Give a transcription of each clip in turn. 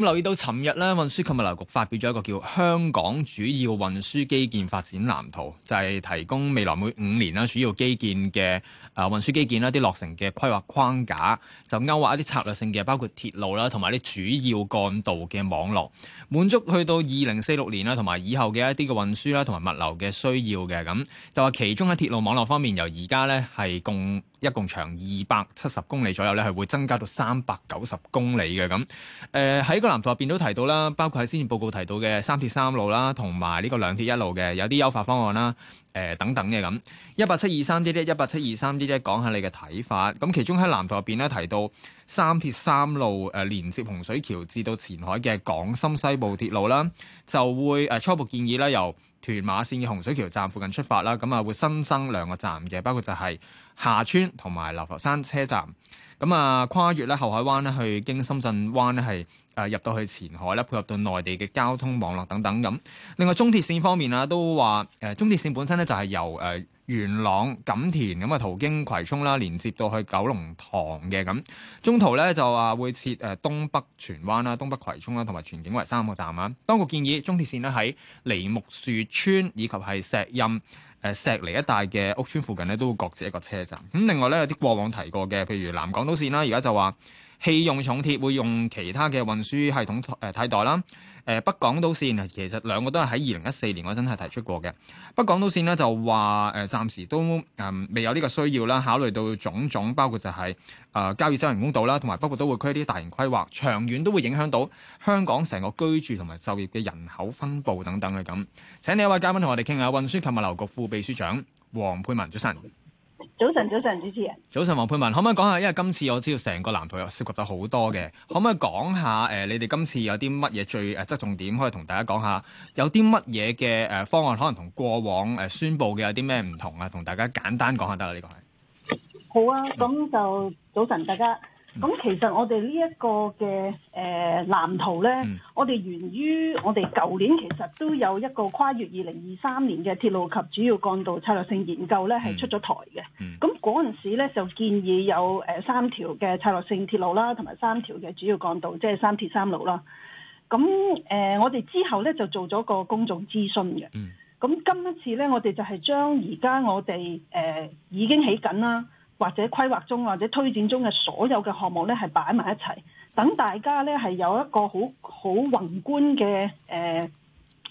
咁留意到，尋日咧運輸及物流局發表咗一個叫《香港主要運輸基建發展藍圖》，就係提供未來每五年啦主要基建嘅誒運輸基建啦，啲落成嘅規劃框架，就勾畫一啲策略性嘅，包括鐵路啦，同埋啲主要幹道嘅網絡，滿足去到二零四六年啦，同埋以後嘅一啲嘅運輸啦，同埋物流嘅需要嘅。咁就話其中喺鐵路網絡方面，由而家咧係共，一共長二百七十公里左右咧，係會增加到三百九十公里嘅咁。誒、呃、喺個藍圖入邊都提到啦，包括喺先前報告提到嘅三鐵三路啦，同埋呢個兩鐵一路嘅有啲優化方案啦，誒、呃、等等嘅咁。一八七二三 D 一、八七二三 D 一，講下你嘅睇法。咁其中喺藍圖入邊咧提到三鐵三路誒、呃、連接洪水橋至到前海嘅港深西部鐵路啦，就會誒、呃、初步建議啦，由屯馬線嘅洪水橋站附近出發啦，咁啊會新增兩個站嘅，包括就係、是。廈村同埋流浮山車站，咁啊跨越咧後海灣咧去經深圳灣咧係誒入到去前海咧，配合到內地嘅交通網絡等等咁。另外，中鐵線方面啊，都話誒中鐵線本身咧就係由誒元朗、錦田咁啊途經葵涌啦，連接到去九龍塘嘅咁。中途咧就話會設誒東北荃灣啦、東北葵涌啦同埋荃景圍三個站啊。當局建議中鐵線咧喺梨木樹村以及係石蔭。誒石梨一帶嘅屋村附近咧，都會各設一個車站。咁、嗯、另外咧，有啲過往提過嘅，譬如南港島線啦，而家就話棄用重鐵會用其他嘅運輸系統誒替、呃、代啦。誒，北港島線其實兩個都係喺二零一四年嗰陣係提出過嘅。北港島線呢，就話誒暫時都誒、嗯、未有呢個需要啦。考慮到種種，包括就係、是、誒、呃、交椅洲人工島啦，同埋北部都會區啲大型規劃，長遠都會影響到香港成個居住同埋就業嘅人口分布等等嘅咁。請你一位嘉賓同我哋傾下，運輸及物流局副秘書長黃珮玟，早晨。早晨，早晨主持人。早晨，黃珮玟，可唔可以講下？因為今次我知道成個藍圖又涉及到好多嘅，可唔可以講下？誒、呃，你哋今次有啲乜嘢最誒、側、呃、重點？可以同大家講下，有啲乜嘢嘅誒方案，可能同過往誒、呃、宣布嘅有啲咩唔同啊？同大家簡單講下得啦，呢、這個係。好啊，咁就早晨大家。嗯咁、嗯、其實我哋呢一個嘅誒、呃、藍圖咧，嗯、我哋源於我哋舊年其實都有一個跨越二零二三年嘅鐵路及主要幹道策略性研究咧，係、嗯、出咗台嘅。咁嗰陣時咧就建議有誒、呃、三條嘅策略性鐵路啦，同埋三條嘅主要幹道，即係三鐵三路啦。咁誒、呃，我哋之後咧就做咗個公眾諮詢嘅。咁、嗯嗯、今一次咧，我哋就係將而家我哋誒、呃呃、已經起緊啦，或者規劃中或者推展中嘅所有嘅項目咧，係擺埋一齊，等大家咧係有一個好好宏觀嘅誒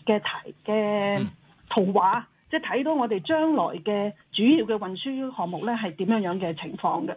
嘅題嘅圖畫。即係睇到我哋將來嘅主要嘅運輸項目咧係點樣樣嘅情況嘅。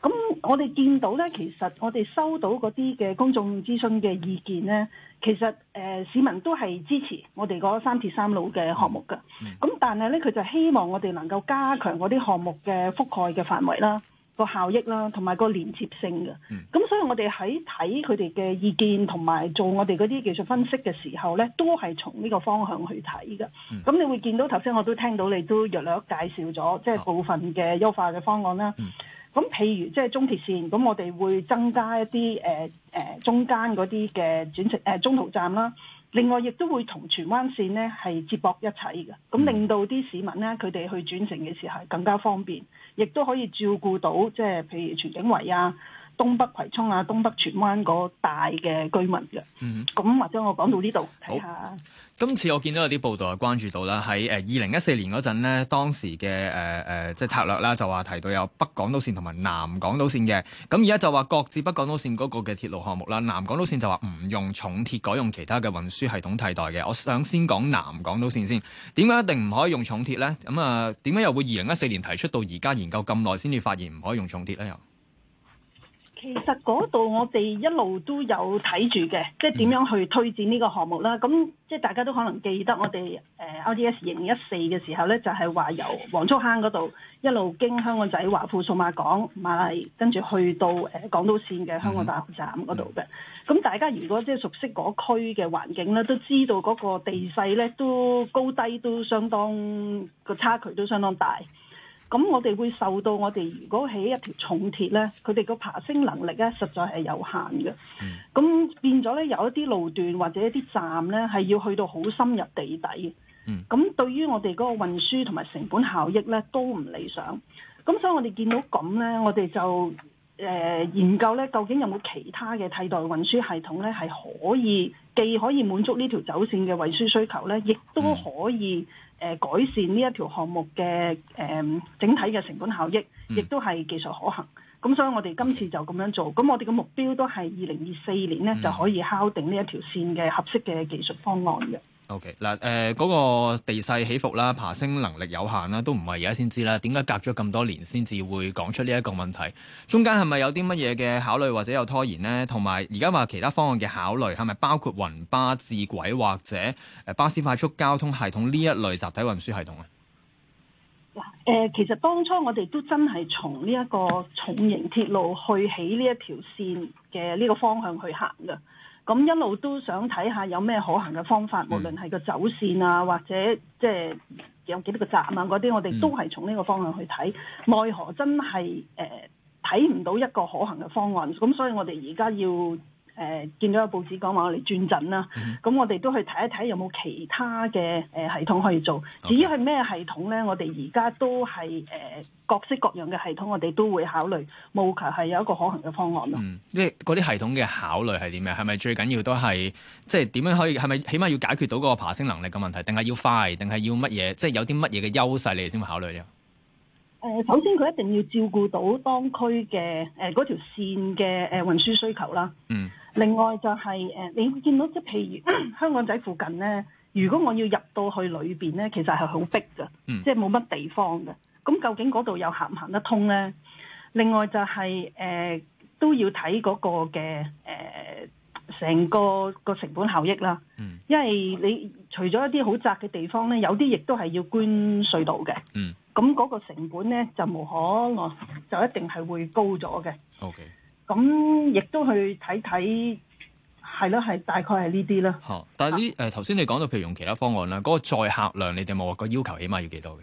咁我哋見到咧，其實我哋收到嗰啲嘅公眾諮詢嘅意見咧，其實誒、呃、市民都係支持我哋嗰三鐵三路嘅項目嘅。咁但係咧，佢就希望我哋能夠加強嗰啲項目嘅覆蓋嘅範圍啦。個效益啦，同埋個連接性嘅，咁、嗯、所以我哋喺睇佢哋嘅意見同埋做我哋嗰啲技術分析嘅時候咧，都係從呢個方向去睇嘅。咁、嗯、你會見到頭先我都聽到你都略略介紹咗，即、就、係、是、部分嘅優化嘅方案啦。咁、嗯、譬如即係、就是、中鐵線，咁我哋會增加一啲誒誒中間嗰啲嘅轉乘誒、呃、中途站啦。另外，亦都會同荃灣線呢係接駁一齊嘅，咁令到啲市民呢，佢哋去轉乘嘅時候更加方便，亦都可以照顧到即係譬如荃景圍啊，東北葵涌啊，東北荃灣嗰大嘅居民嘅、啊，咁或者我講到呢度睇下。今次我見到有啲報道係關注到啦，喺誒二零一四年嗰陣咧，當時嘅誒誒即係策略啦，就話提到有北港島線同埋南港島線嘅。咁而家就話各自北港島線嗰個嘅鐵路項目啦，南港島線就話唔用重鐵改用其他嘅運輸系統替代嘅。我想先講南港島線先。點解一定唔可以用重鐵呢？咁啊，點解又會二零一四年提出到而家研究咁耐先至發現唔可以用重鐵咧？又？其實嗰度我哋一路都有睇住嘅，即係點樣去推展呢個項目啦。咁即係大家都可能記得我哋誒 O D S 2014嘅時候咧，就係、是、話由黃竹坑嗰度一路經香港仔華富數碼港，瑪麗跟住去到誒、呃、港島線嘅香港大學站嗰度嘅。咁大家如果即係熟悉嗰區嘅環境咧，都知道嗰個地勢咧都高低都相當個差距都相當大。咁我哋會受到我哋如果起一條重鐵咧，佢哋個爬升能力咧實在係有限嘅。咁、mm. 變咗咧，有一啲路段或者一啲站咧，係要去到好深入地底。咁、mm. 對於我哋嗰個運輸同埋成本效益咧，都唔理想。咁所以我哋見到咁咧，我哋就誒、呃、研究咧，究竟有冇其他嘅替代運輸系統咧，係可以，既可以滿足呢條走線嘅運輸需求咧，亦都可以誒、呃、改善呢一條項目嘅誒、呃、整體嘅成本效益，亦都係技術可行。咁所以我哋今次就咁樣做，咁我哋嘅目標都係二零二四年咧、嗯、就可以敲定呢一條線嘅合適嘅技術方案嘅。O.K. 嗱、呃，誒、那、嗰個地勢起伏啦，爬升能力有限啦，都唔係而家先知啦。點解隔咗咁多年先至會講出呢一個問題？中間係咪有啲乜嘢嘅考慮或者有拖延呢？同埋而家話其他方案嘅考慮係咪包括雲巴、智軌或者誒巴士快速交通系統呢一類集體運輸系統啊？嗱、呃，誒其實當初我哋都真係從呢一個重型鐵路去起呢一條線嘅呢個方向去行噶。咁一路都想睇下有咩可行嘅方法，嗯、無論係個走線啊，或者即係有幾多個站啊，嗰啲我哋都係從呢個方向去睇。奈、嗯、何真係誒睇唔到一個可行嘅方案，咁所以我哋而家要。誒、呃，見到有報紙講話我哋轉陣啦，咁、嗯、我哋都去睇一睇有冇其他嘅誒、呃、系統可以做。至於係咩系統咧，我哋而家都係誒、呃、各式各樣嘅系統，我哋都會考慮，務求係有一個可行嘅方案咯。即係嗰啲系統嘅考慮係點呀？係咪最緊要都係即係點樣可以？係咪起碼要解決到嗰個爬升能力嘅問題，定係要快，定係要乜嘢？即係有啲乜嘢嘅優勢，你哋先會考慮咧？誒，首先佢一定要照顧到當區嘅誒嗰條線嘅誒、呃、運輸需求啦。嗯。另外就係、是、誒、呃，你會見到即譬如香港仔附近咧，如果我要入到去裏邊咧，其實係好逼噶，嗯、即係冇乜地方嘅。咁究竟嗰度又行唔行得通咧？另外就係、是、誒、呃，都要睇嗰個嘅誒成個個成本效益啦。嗯。因為你除咗一啲好窄嘅地方咧，有啲亦都係要捐隧道嘅。嗯。咁嗰個成本咧就無可能，就一定係會高咗嘅。OK，咁亦都去睇睇，係咯，係大概係呢啲咯。嚇！但係呢誒頭先你講到，譬如用其他方案啦，嗰個載客量你哋冇話個要求，起碼要幾多嘅？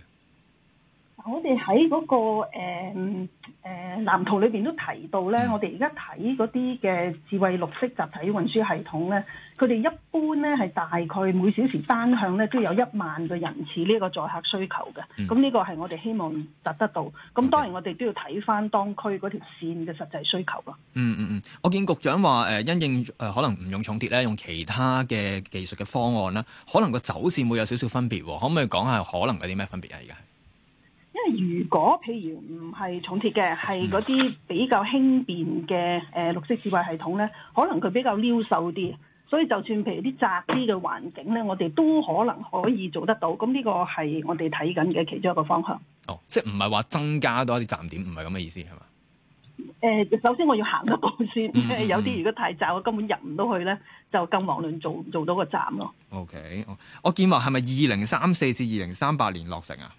我哋喺嗰個誒誒、呃呃、藍圖裏邊都提到咧，嗯、我哋而家睇嗰啲嘅智慧綠色集體運輸系統咧，佢哋一般咧係大概每小時單向咧都有一萬個人次呢一個載客需求嘅。咁呢、嗯、個係我哋希望達得到。咁、嗯、當然我哋都要睇翻當區嗰條線嘅實際需求咯。嗯嗯嗯，我見局長話誒因應誒、呃、可能唔用重鐵咧，用其他嘅技術嘅方案啦，可能個走線會有少少分別。可唔可以講下可能有啲咩分別啊？而家？如果譬如唔係重鐵嘅，係嗰啲比較輕便嘅誒綠色智慧系統咧，可能佢比較溜瘦啲，所以就算譬如啲窄啲嘅環境咧，我哋都可能可以做得到。咁呢個係我哋睇緊嘅其中一個方向。哦，即係唔係話增加多啲站點？唔係咁嘅意思係嘛？誒、呃，首先我要行得到先，嗯嗯嗯有啲如果太窄，我根本入唔到去咧，就更遑論做做到個站咯。OK，我見話係咪二零三四至二零三八年落成啊？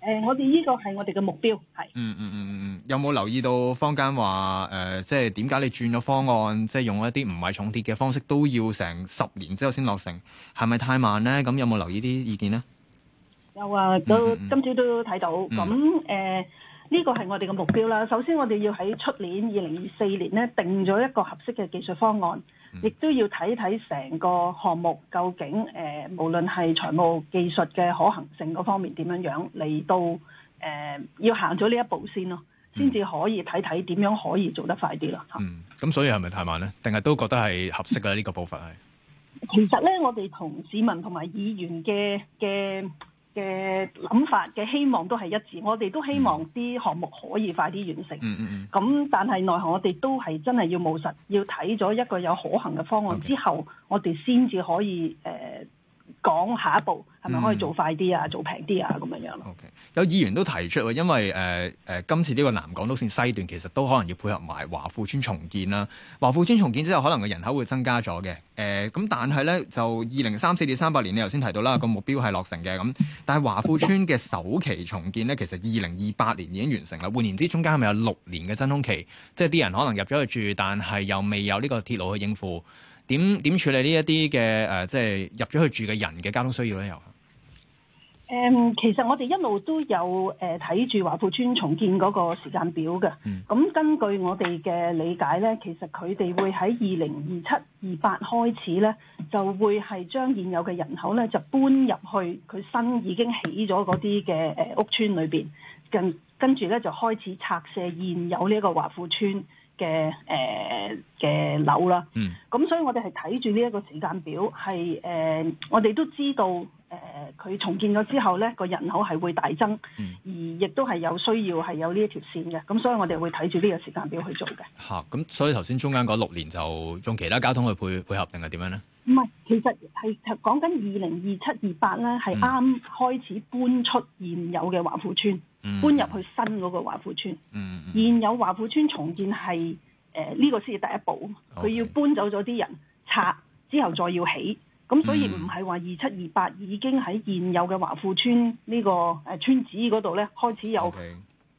誒，我哋呢個係我哋嘅目標，係、嗯。嗯嗯嗯嗯嗯，有冇留意到坊間話誒，即係點解你轉咗方案，即係用一啲唔係重鐵嘅方式，都要成十年之後先落成，係咪太慢咧？咁有冇留意啲意見咧？有啊，都、嗯嗯嗯、今朝都睇到，咁誒、嗯。呢個係我哋嘅目標啦。首先，我哋要喺出年二零二四年咧定咗一個合適嘅技術方案，亦、嗯、都要睇睇成個項目究竟誒、呃，無論係財務技術嘅可行性嗰方面點樣樣嚟到誒、呃，要行咗呢一步先咯，先至可以睇睇點樣可以做得快啲啦。嗯，咁、嗯、所以係咪太慢咧？定係都覺得係合適嘅呢、呢個步伐係？其實咧，我哋同市民同埋議員嘅嘅。嘅諗法嘅希望都係一致，我哋都希望啲項目可以快啲完成。咁但係內行，我哋都係真係要務實，要睇咗一個有可行嘅方案之後，Okay. 我哋先至可以誒。呃講下一步係咪可以做快啲啊，做平啲啊咁樣樣咯。Okay. 有議員都提出因為誒誒、呃呃，今次呢個南港島線西段其實都可能要配合埋華富邨重建啦。華富邨重建之後，可能個人口會增加咗嘅。誒、呃、咁，但係咧就二零三四至三八年，你頭先提到啦，個目標係落成嘅咁。但係華富邨嘅首期重建咧，其實二零二八年已經完成啦。換言之，中間係咪有六年嘅真空期？即係啲人可能入咗去住，但係又未有呢個鐵路去應付。點點處理呢一啲嘅誒，即係入咗去住嘅人嘅交通需要咧？又誒，其實我哋一路都有誒睇住華富村重建嗰個時間表嘅。咁、嗯、根據我哋嘅理解咧，其實佢哋會喺二零二七二八開始咧，就會係將現有嘅人口咧就搬入去佢新已經起咗嗰啲嘅誒屋村裏邊。跟跟住咧就開始拆卸現有呢一個華富村。嘅誒嘅樓啦，咁、嗯、所以我哋係睇住呢一個時間表，係誒、呃、我哋都知道誒佢、呃、重建咗之後咧，個人口係會大增，嗯、而亦都係有需要係有呢一條線嘅，咁所以我哋會睇住呢個時間表去做嘅。嚇、啊，咁所以頭先中間嗰六年就用其他交通去配配合定係點樣咧？唔係，其實係講緊二零二七二八咧，係啱開始搬出現有嘅華富村。嗯嗯、搬入去新嗰個華富村，嗯、現有華富村重建係誒呢個先係第一步，佢 Okay. 要搬走咗啲人，拆之後再要起，咁、嗯、所以唔係話二七二八已經喺現有嘅華富村呢、這個誒、呃、村子嗰度咧開始有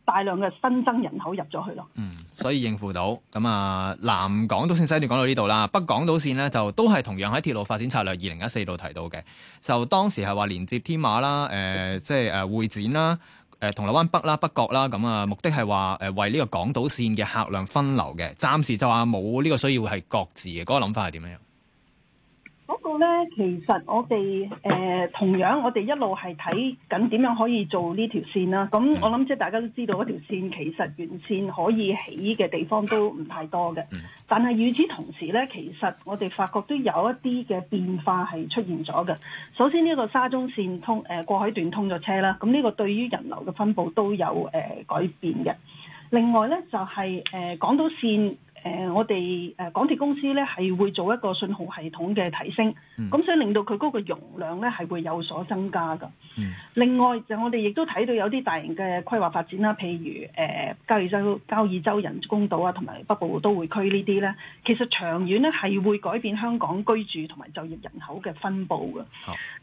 大量嘅新增人口入咗去咯。Okay. 嗯，所以應付到咁。啊南港島綫西段講到呢度啦，北港島綫咧就都係同樣喺鐵路發展策略二零一四度提到嘅，就當時係話連接添馬啦，誒、呃、即係誒會展啦。誒銅鑼灣北啦、北角啦，咁啊目的係話誒為呢個港島線嘅客量分流嘅。暫時就話冇呢個需要，係各自嘅，嗰個諗法係點樣？嗰個咧，其實我哋誒、呃、同樣，我哋一路係睇緊點樣可以做呢條線啦。咁我諗即係大家都知道，嗰條線其實沿線可以起嘅地方都唔太多嘅。但係與此同時咧，其實我哋發覺都有一啲嘅變化係出現咗嘅。首先呢個沙中線通誒過、呃、海段通咗車啦，咁呢個對於人流嘅分布都有誒、呃、改變嘅。另外咧就係、是、誒、呃、港島線。誒、呃，我哋誒、呃、港鐵公司咧係會做一個信號系統嘅提升，咁、嗯、所以令到佢嗰個容量咧係會有所增加噶。嗯、另外就我哋亦都睇到有啲大型嘅規劃發展啦，譬如誒、呃、交椅洲、交椅洲人工島啊，同埋北部都會區呢啲咧，其實長遠咧係會改變香港居住同埋就業人口嘅分布噶。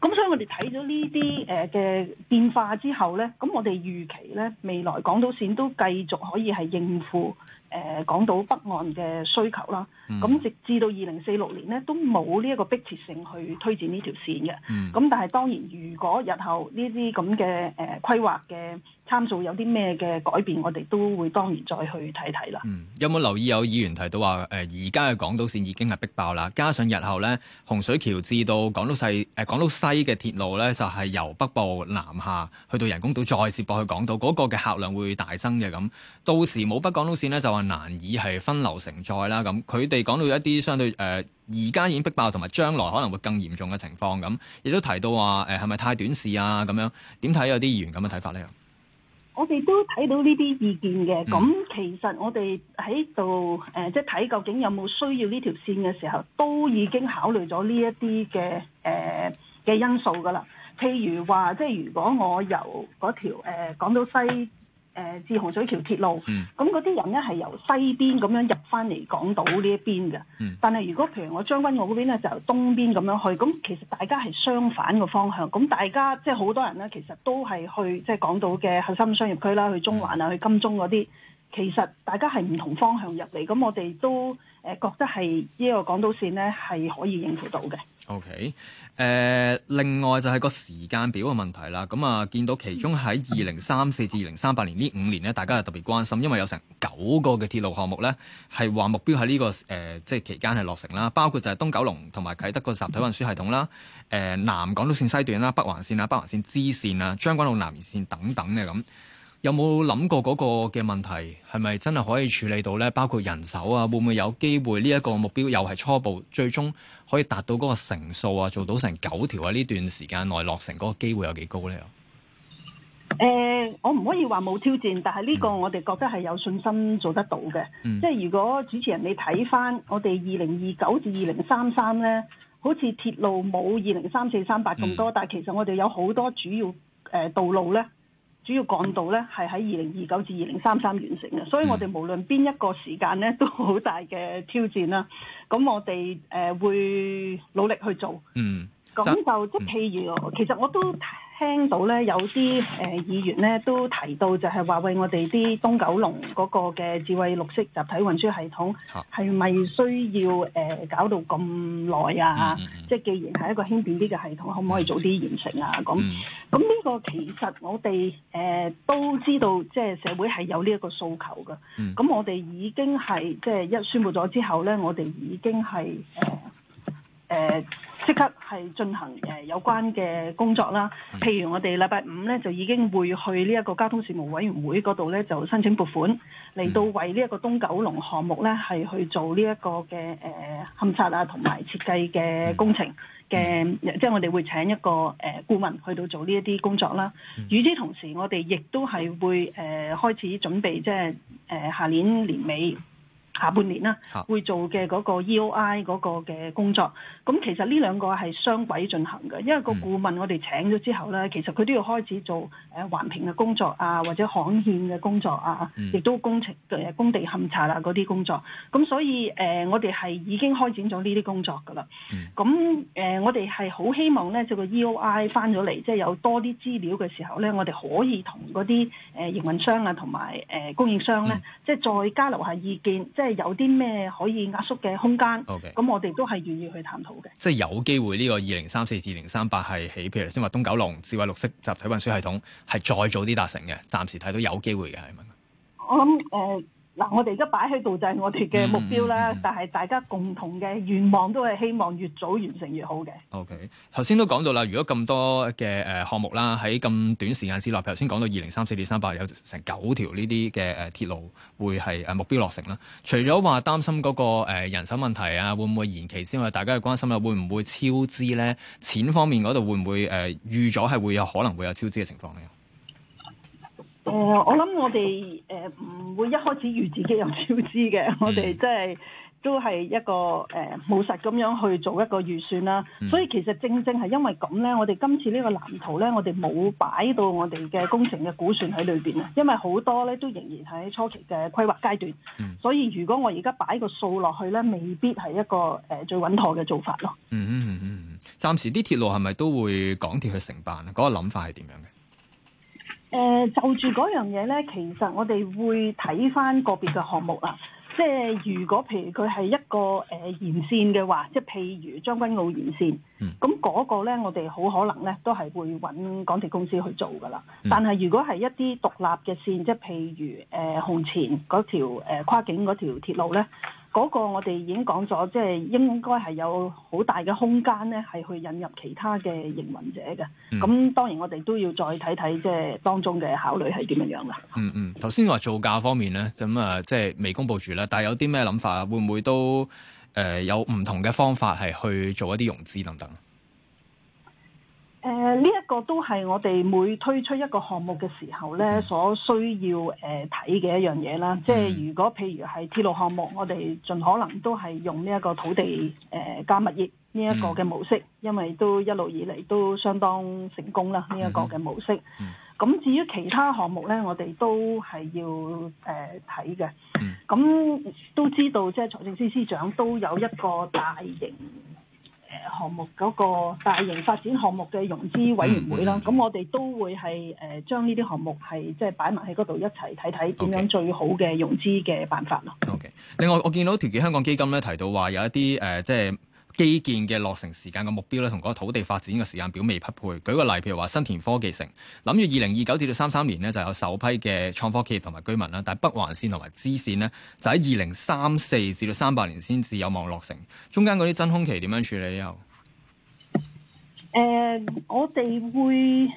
咁好所以我哋睇到呢啲誒嘅變化之後咧，咁我哋預期咧未來港島線都繼續可以係應付。誒港島北岸嘅需求啦，咁直至到二零四六年呢都冇呢一個迫切性去推薦呢條線嘅。咁但係當然，如果日後呢啲咁嘅誒規劃嘅參數有啲咩嘅改變，我哋都會當然再去睇睇啦。有冇留意有議員提到話誒，而家嘅港島線已經係逼爆啦，加上日後呢洪水橋至到港島西誒，港島西嘅鐵路呢，就係由北部南下去到人工島再接駁去港島，嗰個嘅客量會大增嘅咁。到時冇北港島線呢就話。難以係分流成載啦，咁佢哋講到一啲相對誒，呃、而家已經逼爆，同埋將來可能會更嚴重嘅情況，咁亦都提到話誒，呃、係咪太短視啊？咁樣點睇有啲議員咁嘅睇法呢？我哋都睇到呢啲意見嘅，咁、嗯、其實我哋喺度誒，即係睇究竟有冇需要呢條線嘅時候，都已經考慮咗呢一啲嘅誒嘅因素噶啦。譬如話，即係如果我由嗰條誒港島西。誒至洪水橋鐵路，咁嗰啲人咧係由西邊咁樣入翻嚟港島呢一邊嘅。但係如果譬如我將軍澳嗰邊咧就由東邊咁樣去，咁其實大家係相反嘅方向。咁大家即係好多人咧，其實都係去即係港島嘅核心商業區啦，去中環啊，去金鐘嗰啲。其實大家係唔同方向入嚟，咁我哋都誒覺得係呢個港島線咧係可以應付到嘅。OK，誒、呃、另外就係個時間表嘅問題啦，咁、嗯、啊見到其中喺二零三四至二零三八年呢五年呢，大家就特別關心，因為有成九個嘅鐵路項目呢，係話目標喺呢、這個誒、呃、即係期間係落成啦，包括就係東九龍同埋啟德個集體運輸系統啦，誒、呃、南港島線西段啦、北環線啦、北環線支線啊、將軍澳南綫線等等嘅咁。有冇諗過嗰個嘅問題係咪真係可以處理到呢？包括人手啊，會唔會有機會呢，一個目標又係初步，最終可以達到嗰個成數啊，做到成九條啊？呢段時間內落成嗰個機會有幾高呢？誒、呃，我唔可以話冇挑戰，但係呢個我哋覺得係有信心做得到嘅。嗯、即係如果主持人你睇翻我哋二零二九至二零三三呢，好似鐵路冇二零三四三八咁多，嗯、但係其實我哋有好多主要誒道路呢。主要幹道咧，係喺二零二九至二零三三完成嘅，所以我哋無論邊一個時間咧，都好大嘅挑戰啦。咁我哋誒、呃、會努力去做。嗯，咁就即譬如，其實我都。聽到咧有啲誒、呃、議員咧都提到，就係話為我哋啲東九龍嗰個嘅智慧綠色集體運輸系統，係咪需要誒、呃、搞到咁耐啊？嗯嗯、即係既然係一個輕便啲嘅系統，可唔可以早啲完成啊？咁咁呢個其實我哋誒、呃、都知道，即係社會係有呢一個訴求嘅。咁、嗯、我哋已經係即係一宣佈咗之後咧，我哋已經係誒誒。呃呃呃即刻係進行誒、呃、有關嘅工作啦，譬如我哋禮拜五咧就已經會去呢一個交通事務委員會嗰度咧，就申請撥款嚟到為呢一個東九龍項目咧係去做呢一個嘅誒勘測啊，同、呃、埋設計嘅工程嘅、呃，即係我哋會請一個誒顧問去到做呢一啲工作啦。與之同時，我哋亦都係會誒、呃、開始準備，即係誒下年年尾。下半年啦，會做嘅嗰個 E.O.I. 嗰個嘅工作，咁其實呢兩個係雙軌進行嘅，因為個顧問我哋請咗之後咧，嗯、其實佢都要開始做誒環評嘅工作啊，或者刊憲嘅工作啊，嗯、亦都工程嘅工地勘察啊嗰啲工作，咁所以誒、呃、我哋係已經開展咗呢啲工作㗎啦。咁誒、嗯呃、我哋係好希望咧，就個 E.O.I. 返咗嚟，即係有多啲資料嘅時候咧，我哋可以同嗰啲誒營運商啊，同埋誒供應商咧、啊，嗯、即係再交流下意見，即係。有啲咩可以壓縮嘅空間？咁 Okay. 我哋都係願意去探討嘅。即係有機會呢個二零三四至二零三八係起，譬如先話東九龍智慧綠色集體運輸系統係再早啲達成嘅。暫時睇到有機會嘅係咪？我諗誒。呃嗱，我哋而家擺喺度就係我哋嘅目標啦，嗯嗯、但係大家共同嘅願望都係希望越早完成越好嘅。OK，頭先都講到啦，如果咁多嘅誒項目啦，喺咁短時間之內，譬如頭先講到二零三四二三百有成九條二零三四、二零三八，有成九條呢啲嘅誒鐵路會係誒目標落成啦。除咗話擔心嗰個人手問題啊，會唔會延期之外，大家嘅關心啦，會唔會超支咧？錢方面嗰度會唔會誒、呃、預咗係會有可能會有超支嘅情況咧？哦，我諗我哋誒唔會一開始預自己有超支嘅，我哋即係都係一個誒務、呃、實咁樣去做一個預算啦。嗯、所以其實正正係因為咁咧，我哋今次呢個藍圖咧，我哋冇擺到我哋嘅工程嘅估算喺裏邊啊，因為好多咧都仍然喺初期嘅規劃階段。嗯、所以如果我而家擺個數落去咧，未必係一個誒、呃、最穩妥嘅做法咯、嗯。嗯嗯嗯嗯，暫、嗯嗯嗯、時啲鐵路係咪都會港鐵去承辦啊？嗰、那個諗法係點樣嘅？誒、呃、就住嗰樣嘢咧，其實我哋會睇返個別嘅項目啦。即係如果譬如佢係一個誒、呃、延線嘅話，即係譬如將軍澳延線，咁嗰、嗯、個咧，我哋好可能咧都係會揾港鐵公司去做噶啦。但係如果係一啲獨立嘅線，即係譬如誒紅、呃、磡嗰條、呃、跨境嗰條鐵路咧。嗰個我哋已經講咗，即係應該係有好大嘅空間咧，係去引入其他嘅營運者嘅。咁、嗯、當然我哋都要再睇睇，即係當中嘅考慮係點樣樣啦、嗯。嗯嗯，頭先話造價方面咧，咁啊，即係未公佈住啦。但係有啲咩諗法？會唔會都誒有唔同嘅方法係去做一啲融資等等？誒呢一個都係我哋每推出一個項目嘅時候咧，所需要誒睇嘅一樣嘢啦。即係如果譬如係鐵路項目，我哋盡可能都係用呢一個土地誒、呃、加物業呢一個嘅模式，因為都一路以嚟都相當成功啦呢一、這個嘅模式。咁至於其他項目咧，我哋都係要誒睇嘅。咁、呃、都知道，即係財政司司長都有一個大型項目嗰個大型發展項目嘅融資委員會啦，咁、嗯、我哋都會係誒將呢啲項目係即係擺埋喺嗰度一齊睇睇點樣最好嘅融資嘅辦法咯。Okay. OK，另外我見到團結香港基金咧提到話有一啲誒、呃、即係。基建嘅落成時間嘅目標咧，同嗰個土地發展嘅時間表未匹配。舉個例，譬如話新田科技城，諗住二零二九至到三三年呢，就有首批嘅創科企業同埋居民啦。但係北環線同埋支線呢，就喺二零三四至到三八年先至有望落成。中間嗰啲真空期點樣處理咧？誒、呃，我哋會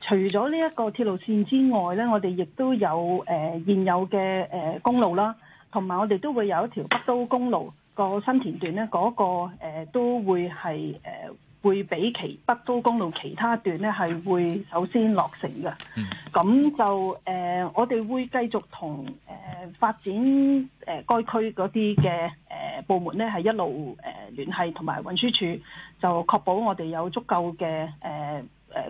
除咗呢一個鐵路線之外呢，我哋亦都有誒、呃、現有嘅誒、呃、公路啦，同埋我哋都會有一條北都公路。個新田段咧，嗰、那個、呃、都會係誒、呃、會比其北都公路其他段咧係會首先落成嘅。咁就誒、呃，我哋會繼續同誒、呃、發展誒、呃、該區嗰啲嘅誒部門咧，係一路誒、呃、聯繫，同埋運輸署就確保我哋有足夠嘅誒誒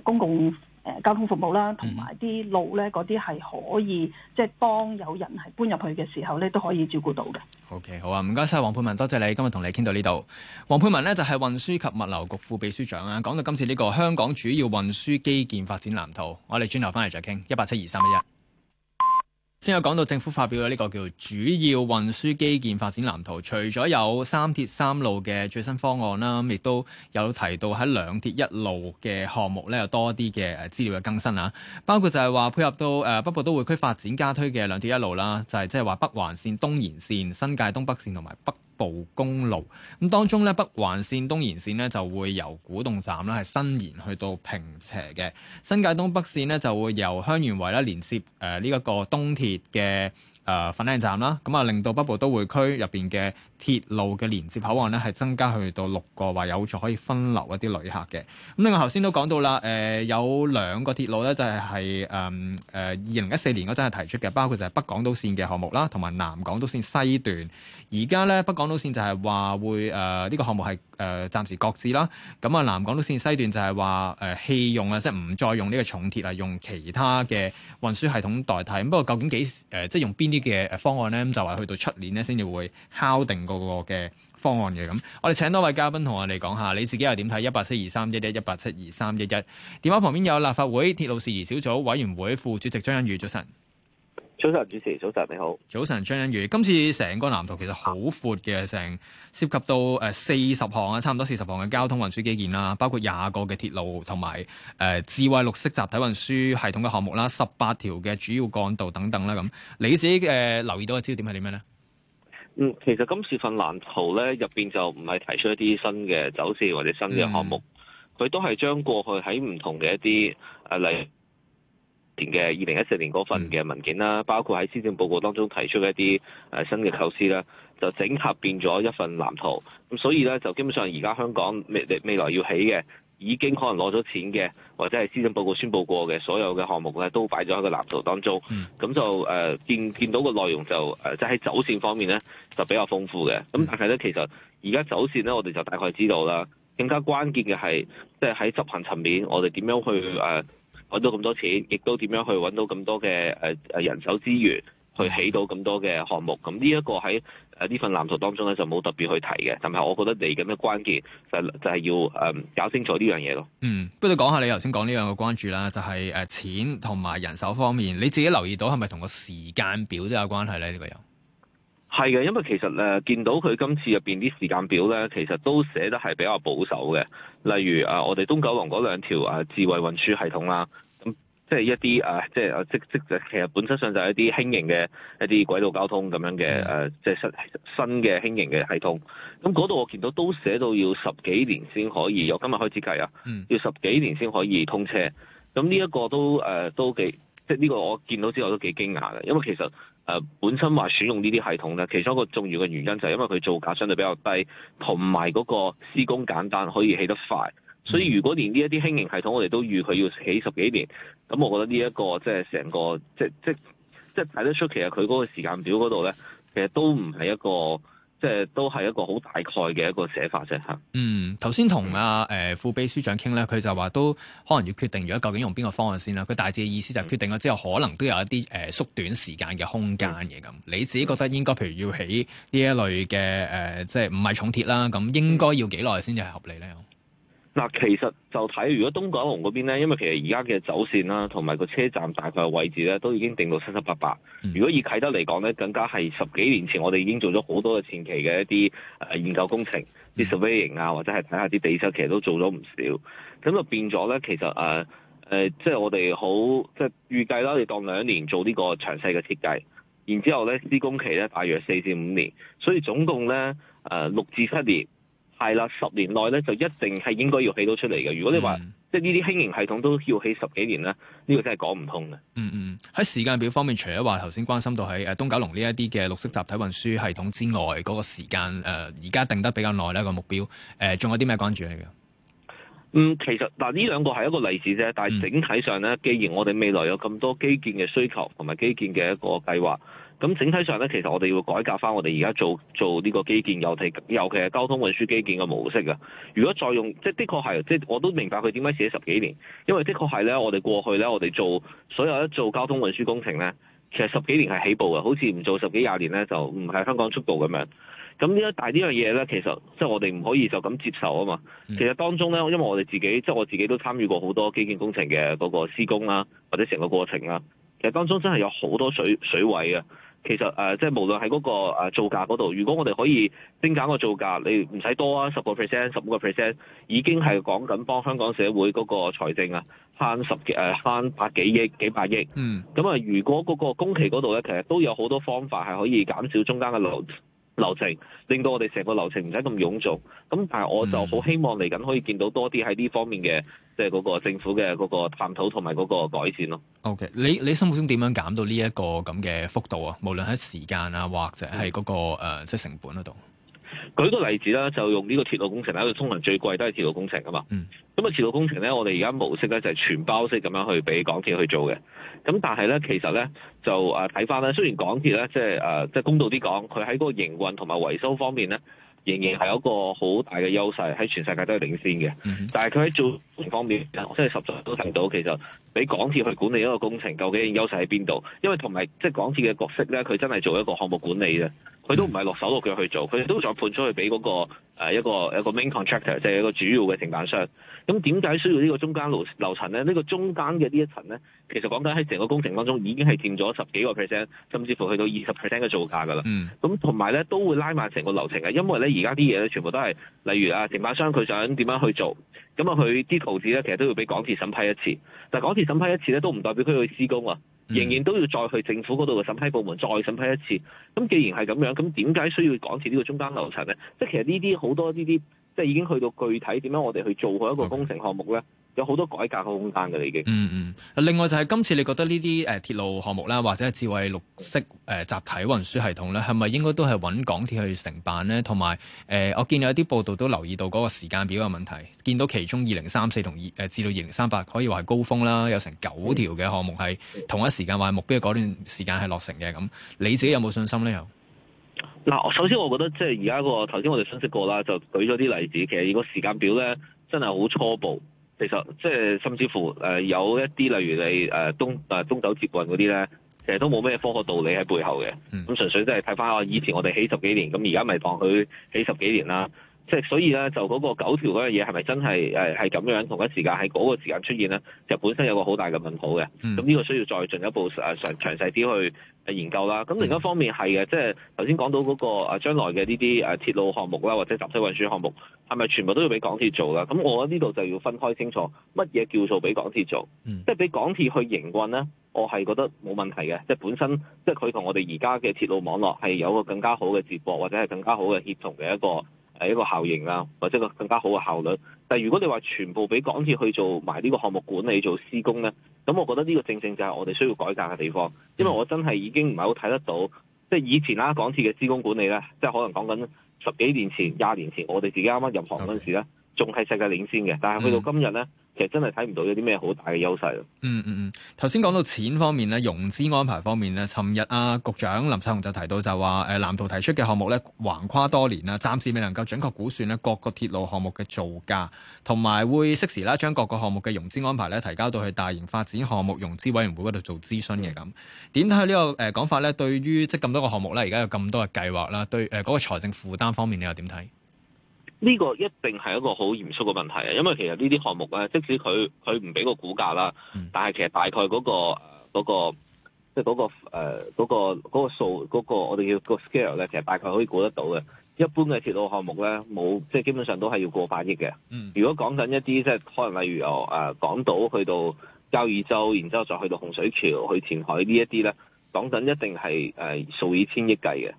公共。誒交通服務啦，同埋啲路呢嗰啲係可以即係當有人係搬入去嘅時候呢都可以照顧到嘅。OK，好啊，唔該晒。黃珮玟，多謝你今日同你傾到呢度。黃珮玟呢就係、是、運輸及物流局副秘書長啊。講到今次呢個香港主要運輸基建發展藍圖，我哋轉頭翻嚟再傾。一八七二三一一。先有講到政府發表咗呢個叫做主要運輸基建發展藍圖，除咗有三鐵三路嘅最新方案啦，亦都有提到喺兩鐵一路嘅項目咧，有多啲嘅資料嘅更新啊。包括就係話配合到誒、呃、北部都會區發展加推嘅兩鐵一路啦，就係即係話北環線、東延線、新界東北線同埋北步公路咁，當中咧，北環線東延線咧，就會由古洞站啦，係伸延去到平斜嘅新界東北線咧，就會由香園圍啦，連接誒呢一個東鐵嘅。誒粉嶺站啦，咁啊令到北部都會區入邊嘅鐵路嘅連接口岸呢，係增加去到六個，話有助可以分流一啲旅客嘅。咁、嗯、另外頭先都講到啦，誒、呃、有兩個鐵路呢、就係，就係誒誒二零一四年嗰陣係提出嘅，包括就係北港島線嘅項目啦，同埋南港島線西段。而家呢，北港島線就係話會誒呢、呃呢個項目係。誒、呃、暫時擱置啦，咁啊南港島線西段就係話誒棄用啊，即係唔再用呢個重鐵啊，用其他嘅運輸系統代替。不過究竟幾時誒、呃，即係用邊啲嘅方案呢？咁就話去到出年呢，先至會敲定嗰個嘅方案嘅。咁我哋請多位嘉賓同我哋講下你自己又點睇？一八七二三一一一八七二三一一，電話旁邊有立法會鐵路事宜小組委員會副主席張欣宇，早晨。早晨，主持早晨，你好。早晨，張欣宇，今次成個藍圖其實好闊嘅，成涉及到誒四十項啊，差唔多四十項嘅交通運輸基建啦，包括廿個嘅鐵路同埋誒智慧綠色集體運輸系統嘅項目啦，十八條嘅主要幹道等等啦，咁你自己嘅、呃、留意到嘅焦點係點樣咧？嗯，其實今次份藍圖咧入邊就唔係提出一啲新嘅走線或者新嘅項目，佢、嗯、都係將過去喺唔同嘅一啲誒嚟。例前嘅二零一四年嗰份嘅文件啦，嗯、包括喺施政報告當中提出嘅一啲誒、呃、新嘅構思啦，就整合變咗一份藍圖。咁所以咧，就基本上而家香港未未未來要起嘅，已經可能攞咗錢嘅，或者係施政報告宣布過嘅所有嘅項目咧，都擺咗喺個藍圖當中。咁、嗯、就誒、呃、見見到個內容就誒、呃，就喺、係、走線方面咧就比較豐富嘅。咁但係咧，其實而家走線咧，我哋就大概知道啦。更加關鍵嘅係即係喺執行層面，我哋點樣去誒。呃呃揾到咁多錢，亦都點樣去揾到咁多嘅誒誒人手資源，去起到咁多嘅項目。咁呢一個喺誒呢份藍圖當中咧，就冇特別去提嘅。同埋，我覺得你咁嘅關鍵就就係要誒、嗯、搞清楚呢樣嘢咯。嗯，不如講下你頭先講呢兩個關注啦，就係、是、誒錢同埋人手方面，你自己留意到係咪同個時間表都有關係咧？呢、呢個又？係嘅，因為其實誒、呃、見到佢今次入邊啲時間表咧，其實都寫得係比較保守嘅。例如啊、呃，我哋東九龍嗰兩條啊、呃、智慧運輸系統啦，咁即係一啲誒，即係啊積積其實本身上就係一啲輕型嘅一啲軌道交通咁樣嘅誒、呃，即係新新嘅輕型嘅系統。咁嗰度我見到都寫到要十幾年先可以，由、嗯、今日開始計啊，要十幾年先可以通車。咁呢一個都誒都幾，即係呢個我見到之後都幾驚訝嘅，因為其實。誒、呃、本身話選用呢啲系統咧，其中一個重要嘅原因就係因為佢造價相對比較低，同埋嗰個施工簡單，可以起得快。所以如果連呢一啲輕型系統，我哋都預佢要起十幾年，咁我覺得呢一個即係成個即係即係即係睇得出，其實佢嗰個時間表嗰度咧，其實都唔係一個。即係都係一個好大概嘅一個寫法啫嚇。嗯，頭先同阿誒副秘書長傾咧，佢就話都可能要決定咗究竟用邊個方案先啦。佢大致嘅意思就決定咗之後，可能都有一啲誒、呃、縮短時間嘅空間嘅咁。嗯、你自己覺得應該譬如要起呢一類嘅誒，即係唔係重鐵啦？咁應該要幾耐先至係合理咧？嗯嗱，其實就睇如果東九龍嗰邊咧，因為其實而家嘅走線啦、啊，同埋個車站大概位置咧，都已經定到七七八八。如果以啟德嚟講咧，更加係十幾年前我哋已經做咗好多嘅前期嘅一啲誒、呃、研究工程，啲 surveying 啊，呃、或者係睇下啲地質，其實都做咗唔少。咁就變咗咧，其實誒誒，即、呃、係、呃就是、我哋好即係預計啦，你當兩年做呢個詳細嘅設計，然之後咧，施工期咧，大約四至五年，所以總共咧誒、呃、六至七年。係啦，十年內咧就一定係應該要起到出嚟嘅。如果你話、嗯、即係呢啲輕型系統都要起十幾年咧，呢、這個真係講唔通嘅、嗯。嗯嗯，喺時間表方面，除咗話頭先關心到喺誒東九龍呢一啲嘅綠色集體運輸系統之外，嗰個時間誒而家定得比較耐咧個目標。誒、呃，仲有啲咩關注嚟嘅？嗯，其實嗱，呢兩個係一個例子啫。但係整體上咧，嗯、既然我哋未來有咁多基建嘅需求同埋基建嘅一個計劃。咁整體上咧，其實我哋要改革翻我哋而家做做呢個基建，尤其尤其係交通運輸基建嘅模式啊！如果再用，即係的確係，即係我都明白佢點解寫十幾年，因為的確係咧，我哋過去咧，我哋做所有一做交通運輸工程咧，其實十幾年係起步嘅，好似唔做十幾廿年咧，就唔係香港速度咁樣。咁呢一大呢樣嘢咧，其實即係我哋唔可以就咁接受啊嘛。其實當中咧，因為我哋自己即係我自己都參與過好多基建工程嘅嗰個施工啦，或者成個過程啦，其實當中真係有好多水水位啊！其實誒、呃，即係無論係嗰、那個誒、呃、造價嗰度，如果我哋可以精簡個造價，你唔使多啊，十個 percent、十五個 percent，已經係講緊幫香港社會嗰個財政啊，慳十幾誒慳百幾億、幾百億。嗯。咁啊，如果嗰個工期嗰度咧，其實都有好多方法係可以減少中間嘅 load 流程令到我哋成個流程唔使咁臃腫咁，但係我就好希望嚟緊可以見到多啲喺呢方面嘅，即係嗰個政府嘅嗰個探討同埋嗰個改善咯。O、okay. K，你你心目中點樣減到呢一個咁嘅幅度啊？無論喺時間啊，或者係嗰、嗰個即係、嗯呃即係、成本嗰度。舉個例子啦，就用呢個鐵路工程啦，通常最貴都係鐵路工程㗎嘛。咁啊、嗯，個鐵路工程咧，我哋而家模式咧就係、是、全包式咁樣去俾港鐵去做嘅。咁但係咧，其實咧就啊睇返咧，雖然港鐵咧即係啊、呃、即係公道啲講，佢喺嗰個營運同埋維修方面咧，仍然係有一個好大嘅優勢，喺全世界都係領先嘅。嗯嗯但係佢喺做方面，即係實在都睇到其實俾港鐵去管理一個工程，究竟優勢喺邊度？因為同埋即係港鐵嘅角色咧，佢真係做一個項目管理嘅。佢 都唔係落手落腳去做，佢都仲要判出去俾嗰、那個、呃、一個一個 main contractor，即係一個主要嘅承辦商。咁點解需要呢個中間樓樓層咧？呢、這個中間嘅呢一層咧，其實講緊喺成個工程當中已經係佔咗十幾個 percent，甚至乎去到二十 percent 嘅造價㗎啦。咁同埋咧都會拉慢成個流程嘅，因為咧而家啲嘢咧全部都係例如啊承辦商佢想點樣去做，咁啊佢啲圖紙咧其實都要俾港鐵審批一次。但係港鐵審批一次咧都唔代表佢去施工啊。嗯、仍然都要再去政府嗰度嘅審批部門再審批一次。咁既然係咁樣，咁點解需要講次呢個中間流程咧？即係其實呢啲好多呢啲。即係已經去到具體點樣，我哋去做好一個工程項目咧，Okay. 有好多改革嘅空間嘅，已經。嗯嗯。另外就係今次，你覺得呢啲誒鐵路項目啦，或者係智慧綠色誒、呃、集體運輸系統咧，係咪應該都係揾港鐵去承辦咧？同埋誒，我見有啲報道都留意到嗰個時間表嘅問題，見到其中二零三四同二誒至到二零三八可以話係高峰啦，有成九條嘅項目係同一時間、嗯嗯、或目標嗰段時間係落成嘅。咁你自己有冇信心咧？又？嗱，首先我覺得即係而家個頭先我哋分析過啦，就舉咗啲例子。其實如果時間表咧真係好初步，其實即係甚至乎誒、呃、有一啲例如你誒、呃、東誒、呃、東走接運嗰啲咧，其實都冇咩科學道理喺背後嘅。咁純粹即係睇翻啊，以前我哋起十幾年，咁而家咪當佢起十幾年啦。即係所以咧，就嗰個九條嗰、呃、樣嘢係咪真係誒係咁樣同一時間係嗰個時間出現咧？其實本身有個好大嘅問號嘅。咁呢個需要再進一步誒詳詳細啲去研究啦，咁另一方面係嘅，即係頭先講到嗰個誒將來嘅呢啲誒鐵路項目啦，或者集體運輸項目，係咪全部都要俾港鐵做咧？咁我呢度就要分開清楚，乜嘢叫做俾港鐵做？ 即係俾港鐵去營運咧，我係覺得冇問題嘅，即係本身即係佢同我哋而家嘅鐵路網絡係有個更加好嘅接駁或者係更加好嘅協同嘅一個誒一個效應啦，或者個更加好嘅效率。但係如果你話全部俾港鐵去做埋呢個項目管理做施工咧？咁我覺得呢個正正就係我哋需要改革嘅地方，因為我真係已經唔係好睇得到，即係以前啦，港鐵嘅施工管理咧，即係可能講緊十幾年前、廿年前，我哋自己啱啱入行嗰陣時咧，仲係 Okay. 世界領先嘅，但係去到今日咧。Yeah. 其實真係睇唔到有啲咩好大嘅優勢。嗯嗯嗯，頭先講到錢方面咧，融資安排方面咧，尋日啊局長林世雄就提到就話，誒藍圖提出嘅項目咧，橫跨多年啦，暫時未能夠準確估算咧各個鐵路項目嘅造價，同埋會適時啦將各個項目嘅融資安排咧提交到去大型發展項目融資委員會嗰度做諮詢嘅咁。點睇、嗯、呢個誒講法咧？對於即咁多個項目啦，而家有咁多嘅計劃啦，對誒嗰、呃嗰個財政負擔方面，你又點睇？呢個一定係一個好嚴肅嘅問題啊！因為其實項呢啲項目咧，即使佢佢唔俾個估價啦，mm. 但係其實大概嗰、嗰個即係嗰個誒嗰、嗰個嗰個數、呃嗰個嗰個嗰個、我哋叫個 scale 咧，其實大概可以估得到嘅。一般嘅鐵路項目咧，冇即係基本上都係要過百億嘅。Mm. 如果講緊一啲即係可能例如由誒、呃、港島去到交椅洲，然之後再去到洪水橋去前海一呢一啲咧。講緊一定係誒數以千億計嘅，咁啊、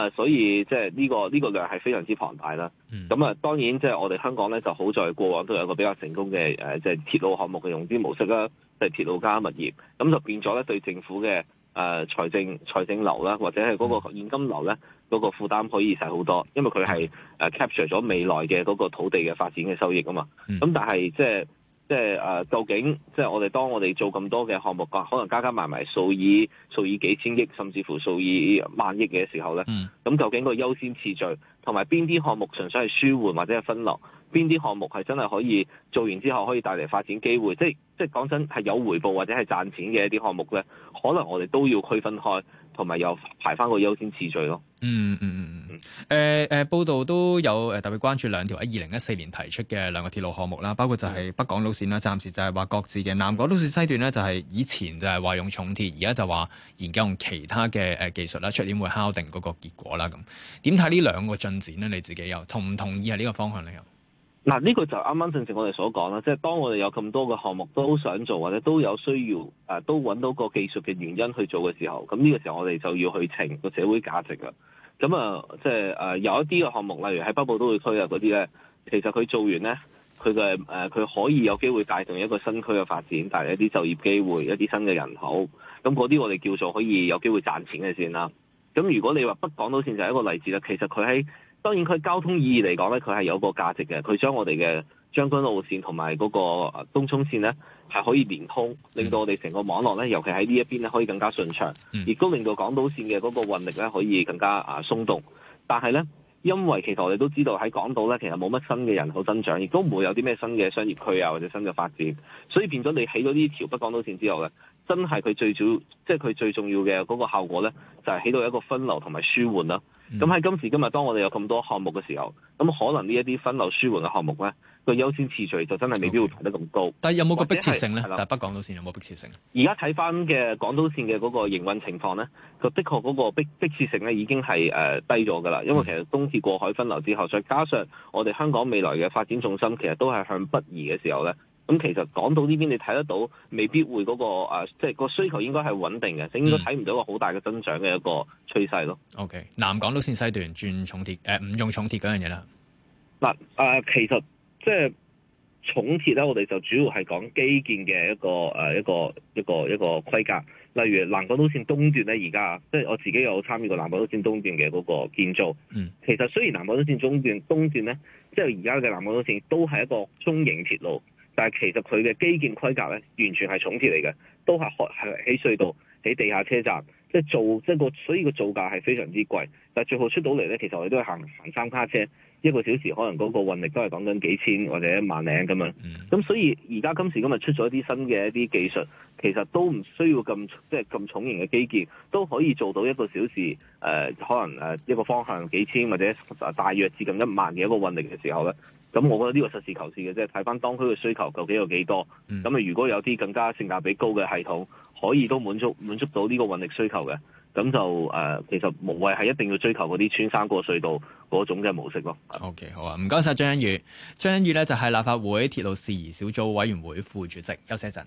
mm. 嗯，所以即係呢個呢、呢個量係非常之龐大啦。咁啊、mm. 嗯，當然即係、就是、我哋香港咧就好在過往都有一個比較成功嘅誒，即係鐵路項目嘅融資模式啦，即係鐵路加物業，咁就變咗咧對政府嘅誒財政財政流啦，或者係嗰個現金流咧嗰個負擔可以細好多，因為佢係誒 capture 咗未來嘅嗰個土地嘅發展嘅收益啊嘛。咁但係即係。即係誒、呃，究竟即係我哋當我哋做咁多嘅項目㗎，可能加加埋埋數以數以幾千億，甚至乎數以萬億嘅時候咧，咁、嗯、究竟個優先次序同埋邊啲項目純粹係舒緩或者係分流。邊啲項目係真係可以做完之後可以帶嚟發展機會，即係即係講真係有回報或者係賺錢嘅一啲項目咧，可能我哋都要區分開，同埋又排翻個優先次序咯。嗯嗯嗯嗯，誒、嗯、誒、嗯嗯呃呃，報道都有誒特別關注兩條喺二零一四年提出嘅兩個鐵路項目啦，包括就係北港島線啦，暫時就係話各自嘅南港島線西段咧，就係以前就係話用重鐵，而家就話研究用其他嘅誒技術啦，出年會敲定嗰個結果啦。咁點睇呢兩個進展咧？你自己有同唔同意係呢個方向咧？有？嗱，呢、啊，這個就啱啱正正我哋所講啦，即係當我哋有咁多嘅項目都想做或者都有需要誒、呃，都揾到個技術嘅原因去做嘅時候，咁、嗯、呢、這個時候我哋就要去秤個社會價值啦。咁、嗯、啊、呃，即係誒、呃、有一啲嘅項目，例如喺北部都會區啊嗰啲咧，其實佢做完咧，佢嘅誒佢可以有機會帶動一個新區嘅發展，帶嚟一啲就業機會、一啲新嘅人口，咁嗰啲我哋叫做可以有機會賺錢嘅先啦。咁、嗯、如果你話北港島線就係一個例子啦，其實佢喺當然佢交通意義嚟講咧，佢係有個價值嘅。佢將我哋嘅將軍澳線同埋嗰個東涌線咧，係可以連通，令到我哋成個網絡咧，尤其喺呢一邊咧，可以更加順暢，亦都令到港島線嘅嗰個運力咧，可以更加啊呃、鬆動。但係咧，因為其實我哋都知道喺港島咧，其實冇乜新嘅人口增長，亦都唔會有啲咩新嘅商業區啊或者新嘅發展，所以變咗你起咗呢條北港島線之後咧，真係佢最主即係佢最重要嘅嗰個效果咧，就係、是、起到一個分流同埋舒緩啦、啊。咁喺、嗯、今時今日，當我哋有咁多項目嘅時候，咁可能呢一啲分流舒緩嘅項目咧，個優先次序就真係未必會排得咁高。Okay. 但係有冇個逼切性咧？但係北港島線有冇逼切性？而家睇翻嘅港島線嘅嗰個營運情況咧，就的確嗰個逼逼切性咧已經係誒低咗㗎啦。因為其實東至東鐵過海分流之後，再加上我哋香港未來嘅發展重心其實都係向北移嘅時候咧。咁其實講到呢邊你睇得到，未必會嗰、那個即係、就是、個需求應該係穩定嘅，嗯、應該睇唔到一個好大嘅增長嘅一個趨勢咯。O、okay, K. 南港島線西段轉重鐵，誒、呃、唔用重鐵嗰樣嘢啦。嗱誒、呃，其實即係重鐵咧，我哋就主要係講基建嘅一個誒一個一個一個,一個規格。例如南港島線東段咧，而家即係我自己有參與過南港島線東段嘅嗰個建造。嗯，其實雖然南港島線中段東段咧，即係而家嘅南港島線都係一個中型鐵路。但係其實佢嘅基建規格咧，完全係重鐵嚟嘅，都係開係起隧道、喺地下車站，即係做即係個，所以個造價係非常之貴。但係最後出到嚟咧，其實我哋都係行行三卡車，一個小時可能嗰個運力都係講緊幾千或者萬零咁樣。咁所以而家今時今日出咗啲新嘅一啲技術，其實都唔需要咁即係咁重型嘅基建，都可以做到一個小時誒、呃，可能誒、啊、一、一個方向幾千或者大約接近一萬嘅一個運力嘅時候咧。咁、嗯、我覺得呢個實事求是嘅即係，睇翻當區嘅需求究竟有幾多。咁啊、嗯，如果有啲更加性價比高嘅系統，可以都滿足滿足到呢個運力需求嘅，咁就誒、呃，其實無謂係一定要追求嗰啲穿山過隧道嗰種嘅模式咯。OK，好啊，唔該晒張欣宇。張欣宇呢就係立法會鐵路事宜小組委員會副主席。休息陣。